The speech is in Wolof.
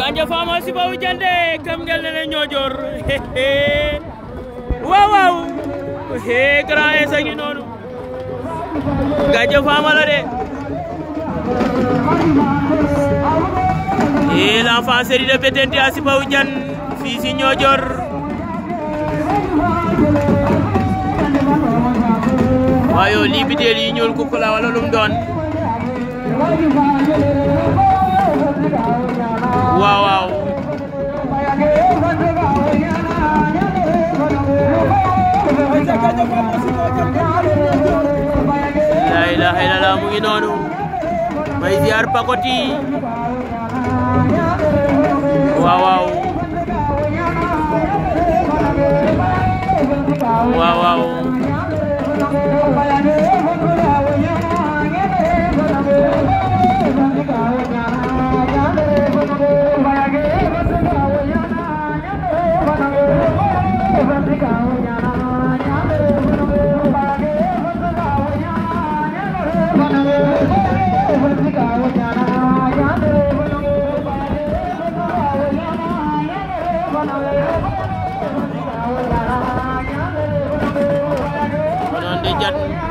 Ganja Fama si bawu jande kam ngel nyojor, ñojor wow wow, he grand es ngi nonu Ganja Fama la de et l'enfant série de Betenti à Sibawu Dian si ñojor waayo lii la wala lum doon waaw waaw la ilaha mu ngi noonu may ziar pakoti waaw waaw konon de Oh, my God.